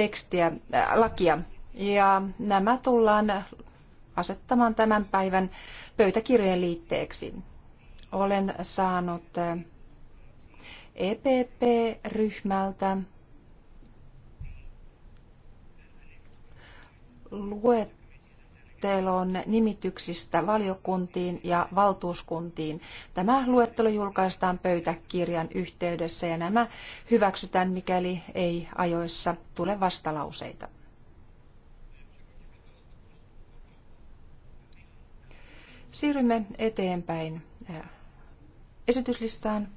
tekstiä, äh, lakia. Ja nämä tullaan asettamaan tämän päivän pöytäkirjeen liitteeksi. Olen saanut äh, EPP-ryhmältä luet luettelon nimityksistä valiokuntiin ja valtuuskuntiin. Tämä luettelo julkaistaan pöytäkirjan yhteydessä ja nämä hyväksytään, mikäli ei ajoissa tule vastalauseita. Siirrymme eteenpäin äh, esityslistaan.